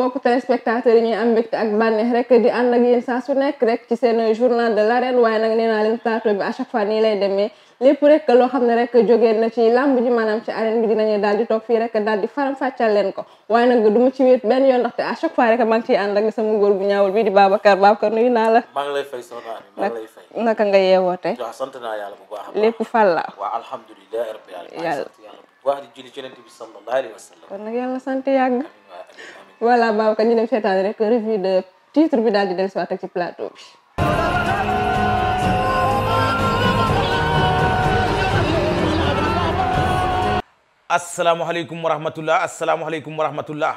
mbokk téléspectateurs yi ñuy am mbégte ak bànneex rek di ànd ak yéen saa su nekk rek ci seen journal de l'arène waaye nag nee naa leen plateau bi à chaque fois nii lay demee lépp rek loo xam ne rek jógee na ci làmb ji maanaam ci arène bi dinañu daal di toog fii rek daal di faram fàccal leen ko waaye nag du ci wéet benn yoon ndaxte à chaque fois rek maa ngi ciy ànd ak bu ñaawul bii di Babacar Babacar nuyu naa la. maa ngi lay fay soxna Ami maa ngi lay fay. naka nga yeewoo tey. waaw kon nag yàlla sant voilà Babacar ñu dem seetaan rek revue de titre bi daal di dellusiwaat ak ci plateau bi. asalaamaaleykum wa rahmatulah asalaamaaleykum wa rahmatulah.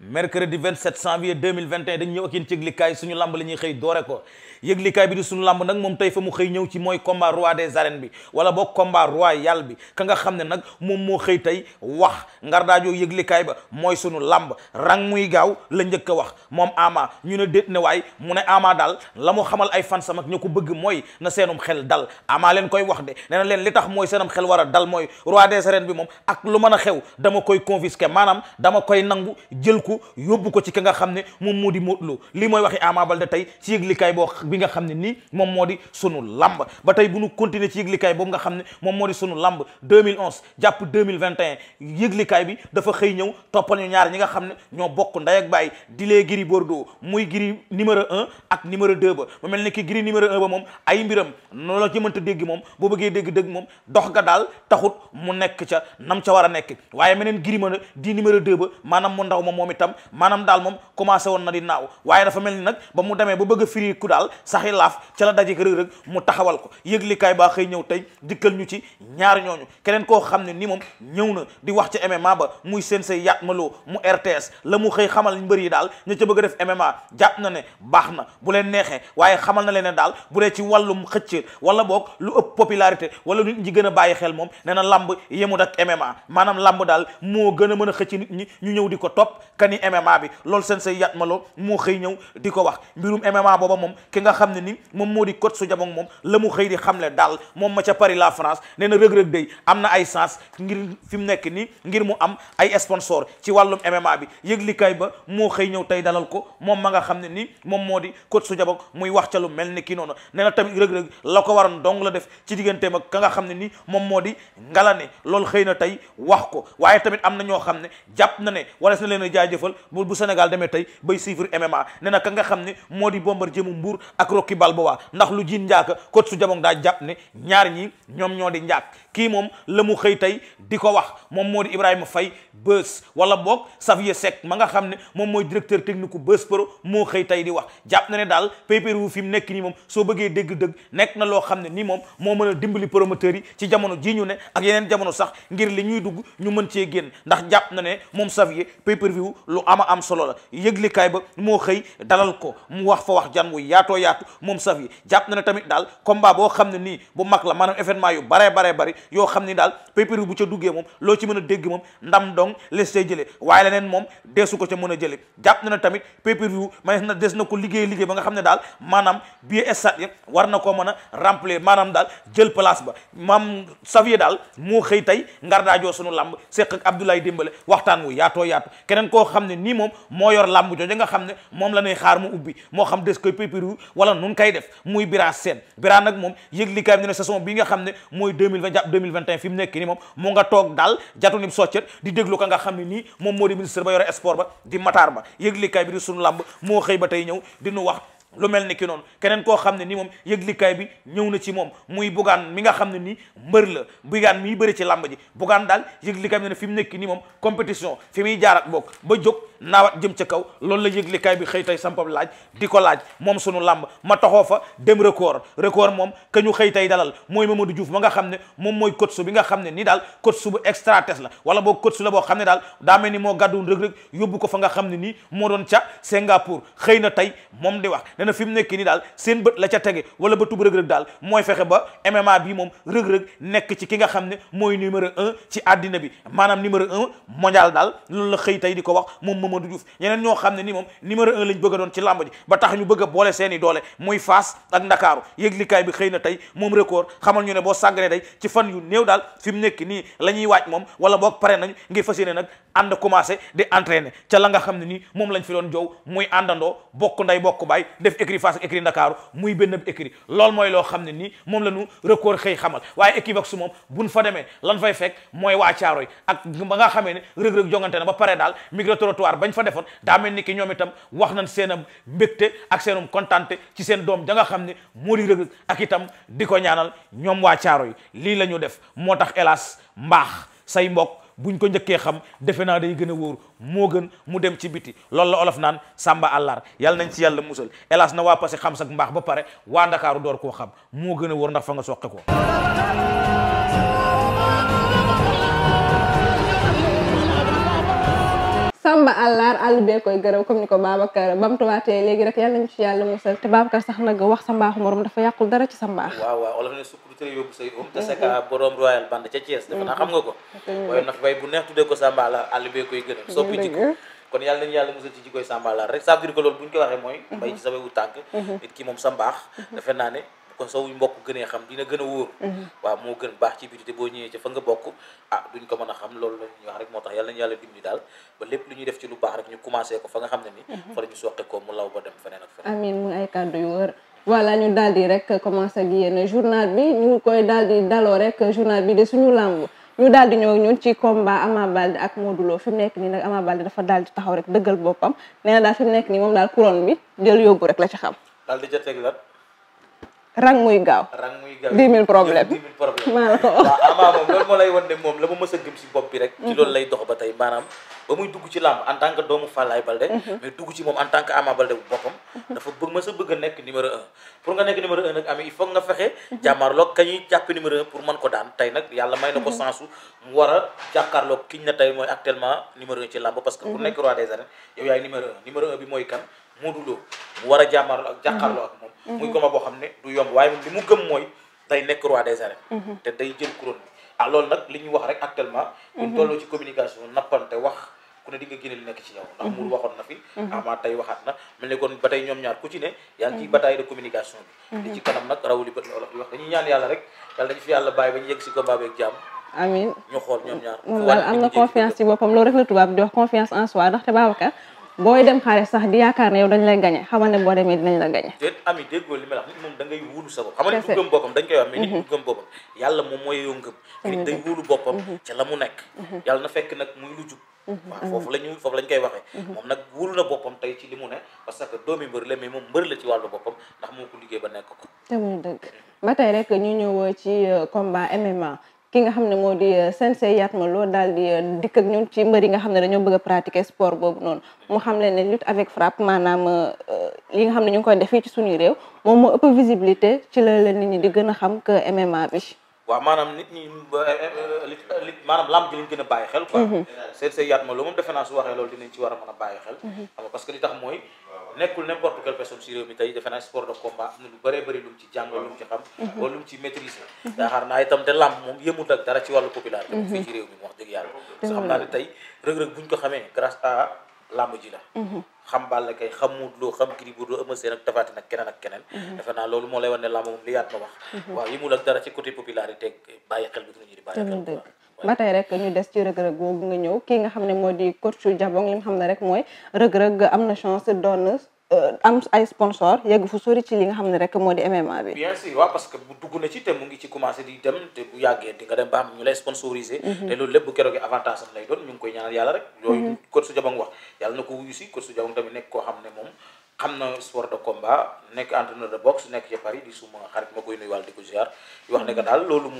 mercredi 27 janvier 2021 dañ ñëw ak yéen ci yëglikaay suñu lamb la ñuy xëy doore ko yëglikaay bi di suñu lamb nag moom tey fa mu xëy ñëw ci mooy combat roi des arènes bi wala boog combat royal bi ka nga xam ne nag moom moo xëy tey wax ngar daajoo yëglikaay ba mooy suñu lamb rang muy gaaw la njëkk a wax moom ama ñu ne déet ne waay mu ne ama daal la mu xamal ay fan sam ak ñu ko bëgg mooy na seenum xel dal ama leen koy wax de nee na leen li tax mooy seenum xel war a dal mooy roi bi moom ak lu mën a xew dama koy confisquer maanaam dama koy nangu jël yëkku yóbbu ko ci ki nga xam ne moom moo di Modou Lo lii mooy waxi Ama Baldé tey ci yëglikaay boo bi nga xam ne moom moo di sunu lamb ba tey bu ñu continuer ci yëglikaay boobu nga xam ne moom moo di sunu lamb 2011 jàpp 2021 yëglikaay bi dafa xëy ñëw toppal ñu ñaar ñi nga xam ne ñoo bokk nday ak bàyyi di lee Bordeaux muy Gris numéro un ak numéro deux ba mu mel ni ki Gris numéro un ba moom ay mbiram noonu la ci dégg moom boo bëggee dégg dégg moom dox ga daal taxut mu nekk ca nam ca war a nekk waaye itam maanaam daal moom commencé woon na di naaw waaye dafa mel ni nag ba mu demee ba bëgg a firiku daal saxi laaf ca la daje rëg-rëg mu taxawal ko yëglikaay baa xëy ñëw tey dikkal ñu ci ñaar ñooñu keneen koo xam ne ni moom ñëw na di wax ci MMA ba muy seen say yaat maloo mu RTS la mu xëy xamal mbër yi daal ña ca bëgg a def MMA jàpp na ne baax na bu leen neexee waaye xamal na leen ne daal bu dee ci wàllum xëcc wala boog lu ëpp popularité wala nit ñi gën a bàyyi xel moom nee na lamb yemut ak MMA maanaam lamb daal moo gën a a xëcc ñu ñëw di ni MMA bi loolu seen say yat maloo moo xëy ñëw di ko wax mbirum MMA booba moom ki nga xam ne ni moom moo di coach su la mu xëy di xamle daal moom ma ca Paris la France am na ay sens ngir fi mu nekk nii ngir mu am ay ba moo xëy ñëw tey dalal ko moom ma nga xam ne ni moom moo di coach su jamono muy wax ca lu mel ni kii noonu nee na tamit rëg-rëg la ko waroon dong la def ci digganteem ak ka nga xam ne nii moom moo di ngalane loolu xëy na tey wax ko waaye tamit am na ñoo xam ne jàpp na ne wala na leen a jaajëf jaajëfal bu bu Sénégal demee tey bay suivre MMA ne na ka nga xam ne moo di Bombardier mu Mbour ak Rocky Balboa ndax lu jiin njaaka kot su jamono daa jàpp ne ñaar ñi ñoom ñoo di njaak kii moom la mu xëy tey di ko wax moom moo di Ibrahima Faye Beus wala boog Xavier Seck ma nga xam ne moom mooy directeur technique u Beus Pro moo xëy tey di wax na ne daal pay-per-view fi mu nekk nii moom soo bëggee dégg-dëgg nekk na loo xam ne nii moom moo mën a dimbali promoteurs yi ci jamono ji ñu ne ak yeneen jamono sax ngir li ñuy dugg ñu mën cee génn ndax jàpp na ne moom Xavier pay lu ama am solo la yëglikaay ba moo xëy dalal ko mu wax fa wax jan wu yaatoo yaatu moom saf yi jàpp na ne tamit daal combat boo xam ne nii bu mag la maanaam événement yu baree baree bari yoo xam ni daal pépéri bu ca duggee moom loo ci mën a dégg moom ndam dong les tey jëlee moom deesu ca mën a jëlee jàpp na ne tamit pay per na des na ko liggéey liggéey ba nga xam ne daal maanaam billet stade ya war na koo mën a remplir maanaam daal jël place ba maam Xavier daal moo xëy tey ngar ngardaajoo sunu làmb seq ak Abdoulaye dimbale waxtaan wu yaatoo yaatu keneen koo xam ne nii moom moo yor làmb jooju nga xam ne moom la ñuy xaar mu ubbi moo xam des koy pépéru wala nun kay def muy Bira Sène Bira nag moom yëg li kaay ne saison bi nga xam ne mooy 2020 jàpp 2021 fi mu nekk ni moom mu nga toog daal jatu nib soccet di déglu ka nga xam ne nii moom moo di ministre ba yore sport ba di mataar ba yëg li kaay bi di sunu làmb moo xëy ba tey ñëw di nu wax lu mel ni ki noonu keneen koo xam ne ni moom yëglikaay bi ñëw na ci moom muy bugaan mi nga xam ne nii mbër la bugaan mii bëri ci làmb ji bugaan daal yëglikaay bi ne fi mu nekk nii moom compétition fi muy jaar ak ba jóg naawat jëm ca kaw loolu la yëglikaay bi xëy tey sampab laaj di ko laaj moom sunu làmb ma taxoo fa dem record record moom ka ñu xëy tey dalal mooy Mamadou Diouf ma nga xam ne moom mooy coach bi nga xam ne ni daal coach su bu extra test la wala la boo xam ne daal daa mel ni moo gàdduwoon rëg-rëg ko fa nga xam ne nii moo doon ca Singapour xëy na tey moom di wax ne na fi mu nekk nii daal seen bët la ca tege wala bëtub rëg-rëg daal mooy fexe ba MMA bi moom rëg-rëg nekk ci ki nga xam ne mooy numéro un ci àddina bi maanaam numéro un mondial daal loolu la xëy tey di ko wax moom Mamadou Diouf ñeneen ñoo xam ne ni moom numéro un lañ bëgg doon ci làmb ji ba tax ñu boole seeni doole muy Fass ak Ndakaaru yëglikaay bi xëy na tey moom record xamal ñu ne boo sàgganee day ci fan yu néew daal fi mu nekk nii la ñuy waaj moom wala boog pare nañ ngir fas yéene nag ànd commencé di entraîner ca la nga xam ne nii moom lañ fi doon jow muy àndandoo bokk nday bokk baay def écrit Fass ak écrit Ndakaaru muy benn écrit loolu mooy loo xam ne nii moom la ñu record xëy xamal waaye Equivox su moom buñ fa demee lan fay fekk mooy waa yi ak ba nga xamee ne rëg-rëg jongante na ba pare daal micro trottoir bañ fa defoon daa mel ni ki ñoom itam wax na seen am mbégte ak seenum kontante ci seen doom da nga xam ne moo di rëg-rëg ak itam di ko ñaanal ñoom waa yi lii la def moo tax hélas mbaax say mbokk buñ ko njëkkee xam defe naa day gën a wóor moo gën mu dem ci biti loolu la olof naan sàmba àllar yàlla nañ ci yàlla musal hélas na waa passé xam sak mbaax ba pare waa ndakaaru door koo xam moo gën a wóor ndax fa nga soqe ko Samba àllaar àll bee koy gërëm comme ni ko Babacar bamtuwaatee léegi rek yàlla nañu ci yàlla musal te Babacar sax nag wax sa mbaaxu morom dafa yàqul dara ci sa mbaax waaw waaw olof ne sukk te mm-hmm. seka borom royal band àll mm-hmm. bee koy gërëm soppi jikko kon yàlla nañu yàlla musal ci jikkoy Samba àllaar rek ça veut dire que loolu bu ñu ko waxee mooy mbay mm-hmm. sa wewu tànk nit ki moom sa mbaax defe naa ne ko saw mbokk gënee xam dina gën a wóor mhm. waaw moo gën baax ci biti te boo ñëwee ca nga bokk ah duñ ko mën a xam loolu lañuy wax rek moo tax yàlla nañu daal mhm. la ñu soqe ko mu law ba dem feneen ak di rek commencé ak yéen journal bi bi de suñu làmb ñu daal di ñëw ñun ci combat Ama Baldé ak Modou Lo fi di taxaw rek dëggal boppam nee na daal fi mu nekk nii moom daal couronne bi jël yóbbu rek la ci xam rang muy gaaw. rang problème dix mille problème. maanaam waaw moom loolu moo lay wan ne moom la ma mës a gëm si bopp bi rek. ci mhm. loolu lay dox ba tey maanaam ba muy dugg ci làmb en tant que doomu Falaye Balde. Mhm. mais dugg ci moom en tant que Ama Balde bu boppam. Mhm. dafa bëgg a bëgg a nekk numéro un pour nga nekk numéro un nag amee il faut nga fexe. jàmmaarloog kañuy jàpp ko daan tey nag yàlla may na ko war a jàkkaarloog kiñ na mooy actuellement numéro un ci làmb parce que ku nekk roi des arènes yow yaay numéro un numéro un bi mooy kan Modou Lo mu war a jàmmarloo ak jàkkaarloo ak moom mm-hmm. muy combat boo xam ne du yomb waaye li mu gëm mooy day nekk roi des arènes mm-hmm. te day jël couronne bi ah loolu nag li ñu wax rek actuellement buñ mm-hmm. tolloo ci communication nappante wax na fi ama tey waxaat na mel ni kon ba tey wax dañuy ñaan yàlla rek yàlla bàyyi ba ñu yegg si combat ak jàmm amiin ñu xool ñoom ñaar moom am na confiance ci boppam loolu rek la tubaab di confiance en soi ndaxte Babacar booy dem xare sax di yaakaar ne yow dañ lay gañe xamal ne boo demee dinañ la gañe déet ami déggoo li ma la wax nit moom da ngay wóolu sa xamal ne du boppam dañ koy wax mais nit mhm. du gëm boppam moom mooy yow ngëm nit day wóolu boppam mhm. ca la mu nekk mhm. yàlla na fekk nag muy lu jub waaw foofu la ñu foofu la ñu koy waxee nag wóolu na boppam tey ci li mu ne parce que doomi mbër la mais moom mbër la ci wàllu boppam ndax moo ko liggéey ba nekk ko te muy dëgg ba tey rek ñu ñëw ci euh, combat MMA ki nga xam ne moo di euh, sensei Yatma loo daal di euh, dikk ak ñun ci mbër yi nga xam ne dañoo bëgg a pratiquer sport boobu noonu mu xam leen ne lutte avec frappe maanaam euh, li nga xam ne ñu ngi koy def fii ci suñu réew moom moo ëpp visibilité ci la leen nit ñi di gën a xam que MMA bi. waaw maanaam nit ñi eh, eh, eh, maanaam lamb ji lañ gën a bàyyi xel quoi mhm. seen say yaat ma loolu moom defe naa su waxee loolu dinañ ci war a man a bàyyi xel mhm. xam nga parce que li tax mooy nekkul n'importe quelle personne si réew mi tey defe naa sport de combat am na lu bëree bëri lu mu ci jàng lu mu ci xam mhm. wala lu mu ci maîtriser yaakaar naa itam te lamb moom yëmul ak dara ci wàllu popularité moom fii ci réew mi wax dëgg yàlla parce que xam naa ne tey rëg-rëg buñ ko xamee grâce à lamb ji la xam Balla Gaye xam Modou Lo xam Gris Bordeaux Eumeu Sène ak Tapha keneen ak keneen mhm. defe loolu moo lay wan ne làmb moom li yaat ma wax mhm. waaw yimul ak dara ci côté popularité bàyyi xel bi duñu di bàyyi xel ba tey rek ñu des ci rëg-rëg googu nga ñëw kii nga xam ne moo di coach Jabong li mu xam ne rek mooy rëg-rëg am na chance doon Euh, am ay sponsor yegg fu sori ci li nga xam ne rek moo di MMA bi. bien sûr waaw parce que bu dugg na ci te mu ngi ci commencé di dem te bu yàggee di dem ba am ñu lay sponsorisé. Mhm. te loolu lépp bu avantage am lay doon ñu ngi koy ñaanal yàlla rek. yooyu su Jabang wax yàlla na ko wuyu si coach su Jabang tamit nekk koo xam ne moom. xam na sport de combat nekk entraîneur de boxe nekk ci Paris di suma xarit ma koy nuyuwaal di ko ziar di wax ne daal loolu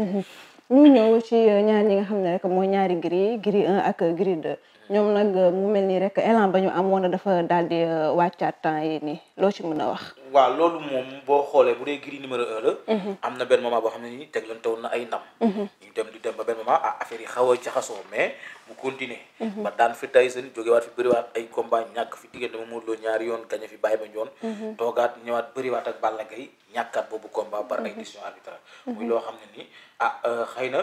a ñu ñëw ci ñaar ñi nga xam ne rek mooy ñaari Gris Gris 1 ak Gris 2 ñoom nag euh, mu mel nii rek élan ba ñu amoon dafa daal di euh, wàccaat temps yi nii loo ci mën a wax. waaw loolu moom boo xoolee bu dee giri numéro un mhm. am na benn moment boo xam ne nii teglante woon na ay ndam. Mhm. ñu dem ba benn moment ah yi xaw a jaxasoo mais bu continuer mhm. ba daan fi tay seen jógewaat fi bëriwaat ay combat ñàkk fi diggante ma Modou ñaari yoon gañe fi bàyyi ba ñoon toogaat ñëwaat bëriwaat ak Balla Gaye ñàkkaat boobu combat par ay décision arbitrale muy loo xam ne nii ah euh, xëy na.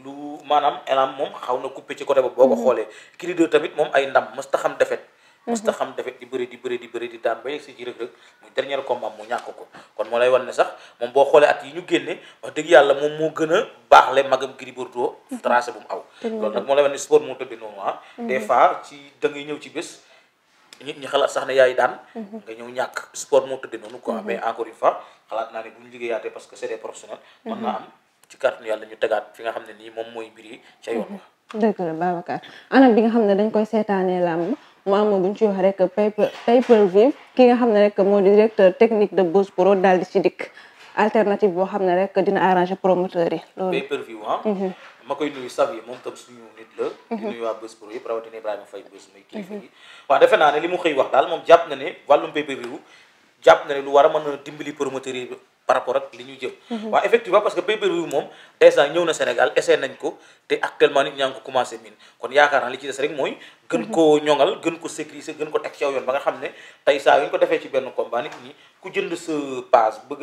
lu maanaam elam moom xaw na coupé ci côté ba boo ko mhm. xoolee Gris 2 tamit moom ay ndam mës xam defet mës mhm. ta xam defet di bëri di bëri di bëri di daan ba yegg si ci Reug Reug muy dernier combat mu ñàkk ko kon moo lay wan ne sax moom boo xoolee at yi ñu génne wax dëgg yàlla moom moo gën a baaxle magam Gris Bordeaux mhm. tracé bu mu aw loolu nag moo lay wan ne sport moo tëdd noonu ah des fois ñëw ci bés nit ñi xalaat sax ne yaay daan nga ñëw ñàkk sport moo tëdd noonu quoi mais encore une fois xalaat naa ne bu ñu liggéeyaatee parce que c'est des professionnels am ci kàttanu yàlla ñu tegaat fi nga xam ne nii moom mooy mbir yi ca yoon wa mhm. dëgg la bi nga xam ne dañ koy seetaanee làmb mu am bu ñu ci wax rek pay per view ki nga xam ne rek moo di directeur technique de Boss Pro daal di ci dikk alternative boo xam ne rek dina arranger promoteur yi loolu pay ah. mhm. ma koy nuyu saf yi moom tam suñu nit la mhm. di nuyu waa Boss Pro yëpp rawatina Ibrahima Faye Boss defe naa ne li mu xëy wax daal moom jàpp na ne wàllum pay per view jàpp na ne lu war a mën a dimbali par rapport ak li ñu jëm. Mhm. waaw effectivement parce que pay-per-view moom dèjà ñëw na Sénégal essayé nañ ko te actuellement nit ñaa ngi ko commencé miin kon yaakaar naa li ci des rek mooy. gën mhm. ko ñoŋal gën ko sécuriser gën ko teg ci yoon ba nga xam ne tey saa ko defee ci benn combat nit ku jënd a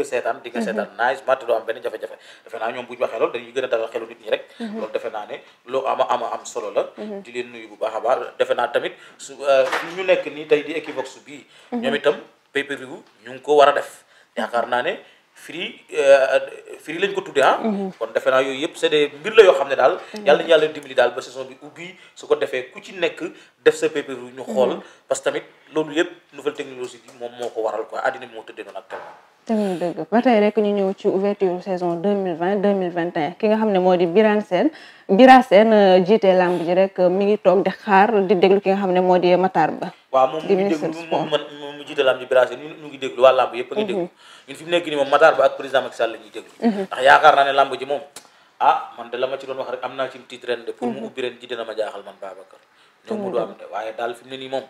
seetaan di nga mhm. seetaan nice mat doo benn jafe-jafe defe naa ñoom bu ñu waxee loolu dañuy gën a dalal xelu nit ñi rek loolu defe naa ne loo ama ama am solo la di leen nuyu bu baax a baax defe naa tamit su euh, ñu nekk nii tey di Equivox bi ñoom itam pay-per-view ñu ngi ko war a def yaakaar naa ne firi euh, firi lañ ko tudde ah mhm. kon defe naa yooyu yëpp c'est des mbir la yoo xam ne daal mhm. yàlla nañu yàlla dimbali daal ba saison bi ubbi su ko defee ku ci nekk def sa pépé ñu mhm. xool parce que tamit loolu yëpp nouvelle technologie bi moom moo ko waral quoi àddina moo tëddee noonu ak tamit dëgg ba rek ñu ñëw ci ouverture saison 2020 2021 ki nga xam ne moo di Birane Sène Bira euh, jiite lamb ji rek euh, mi ngi toog di xaar di déglu ki nga xam ne moo di Matar Ba waaw moom di ministre mu jiite lamb ji Bira ngi déglu waa mhm. la ñuy déglu mhm. ndax yaakaar naa ne lamb ji moom ah man de la ma ci doon wax rek am naa ci tiit ren de pour mu mhm. ubbi ren ji ma jaaxal man Babacar ñoom mu du am de waaye daal fi ne nii moom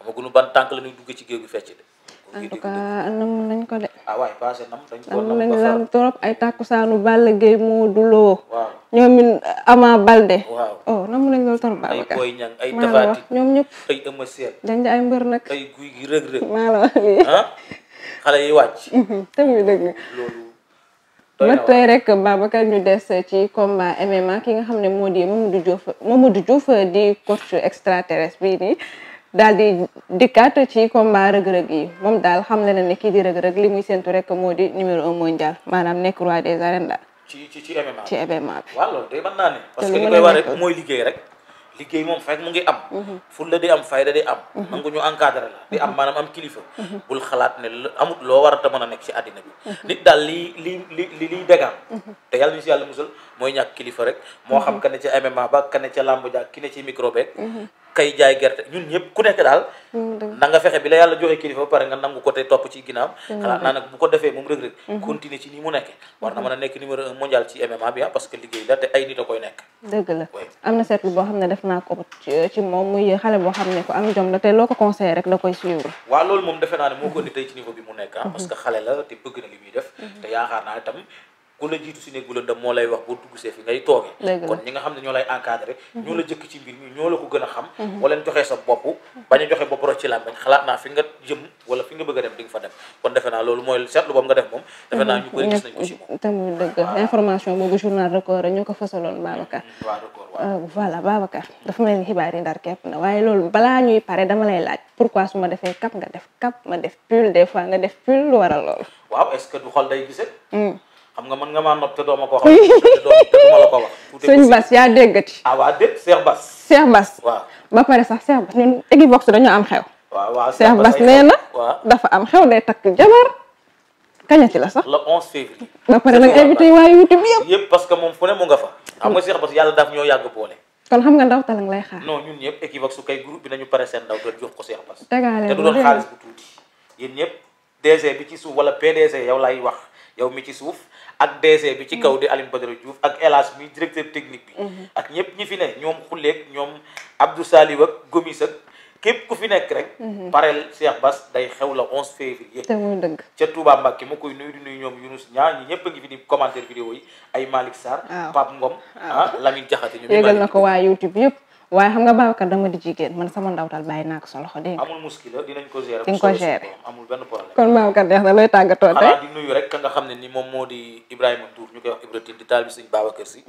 xamaguñu ban tànk la ñuy dugg ci géew gi fecc en tout cas nam nañ ko de. ah nañ lam trop ay takkusaanu Balla Gaye Modou Lo. waaw ñoom it Balde. waaw oh nam nañ loolu trop. Babacar ay Boy Niang ñoom ñëpp. ay ay mbër nag. ay wax lii ah? mhm, tamit dëgg loolu. ma tey rek ñu des ci combat MMA ki nga xam ne moo di Mamadou Diouf Mamadou Diouf di coach extraterrestre bii nii. daal di dikkaat ci combat rëg-rëg yi moom daal xam na ne kii di rëg li muy séntu rek moo di numéro un mondial maanaam nekk roi des arènes daal. ci ci ci MMA ci MMA bi. waaw loolu li koy wax rek ngi am mhm. fulla di am fayda di mhm. la di am mhm. maanaam am kilifa bul xalaat ne loo war a a nekk ci bi nit daal lii li li liy dégaam te yàlla ñu si yàlla musal kilifa rek moo xam ka ne ca MMA ba ka ne ki ci micro kay jaay gerte ñun ñëpp ku nekk daal mm, na fexe bi la yàlla joxe kilifa ba pare nga nangu ko te topp ci ginnaaw mm, xalaat nag bu ko defee moom rëg-rëg mm-hmm. continuer ci mm-hmm. ah, moom xale boo xam ne ko am jom la te loo ko conseillé rek da koy suivre waaw loolu moom defe naa ne moo ko indi tey ci niveau bi mu nekk ah, mm-hmm. parce que xale la te bëgg na li muy def te yaakaar naa itam ku la jiitu si néeg bu lëndëm moo lay wax boo dugg see kon mhm. a xam mhm. a a dem defe naa loolu mooy seetlu boobu nga def moom defe naa ñu ko si moom mhm. ah, voilà Babacar dafa mel xibaar yi ndar kepp na waaye loolu balaa ñuy pare dama lay laaj pourquoi su ma defee cap nga def cap ma def pull des nga def pull waral loolu waaw est-ce que du xol day gisee mm. xam nga mën nga maa nopp te doo ko xam te sax Cheikh Bas ñun Equivox waaw waaw Cheikh Bas na. dafa am xew day la sax le 11 février. ba pare que moom fu ne mu nga fa. xam nga mm. Cheikh Bas yàlla daaf ñoo lay xaar. non ñun ñëpp Equivox su kay groupe bi nañu pare seen ndaw doon ko Cheikh Bas. te bi ci suuf wala PDG yow lay wax yow mi ci suuf ak DC bi ci kaw mm. di Aline Badara Diouf ak El Hadj mi directeur technique bi mm-hmm. ak ñëpp ñi fi ne ñoom xulleeg ñoom Abdou Saliw ak Gomis ak képp ku fi nekk rek mm-hmm. pareel Cheikh Bass day xew la onze février te muy dëgg ca Touba Mbacké mu koy nuyu di nuyu ñoom Younous ñaa ñi ñëpp a ngi fi di commentaire vidéo yi ay Malick Sarr Pape Ngom ah Lamine ñu yégal na ko waaye xam nga Babacar dama di jigéen man sama ndawtal bàyyi naa ko sa loxo dégg nga. amul muskila dinañ ko gérer. dinañ ko gérer amul benn problème. kon Babacar neex na looy tàggatoo tey. xanaa di nuyu rek ka nga xam ne ni moom moo di Ibrahima Tour ñu koy wax Ibrahima di taal bi suñu Babacar si.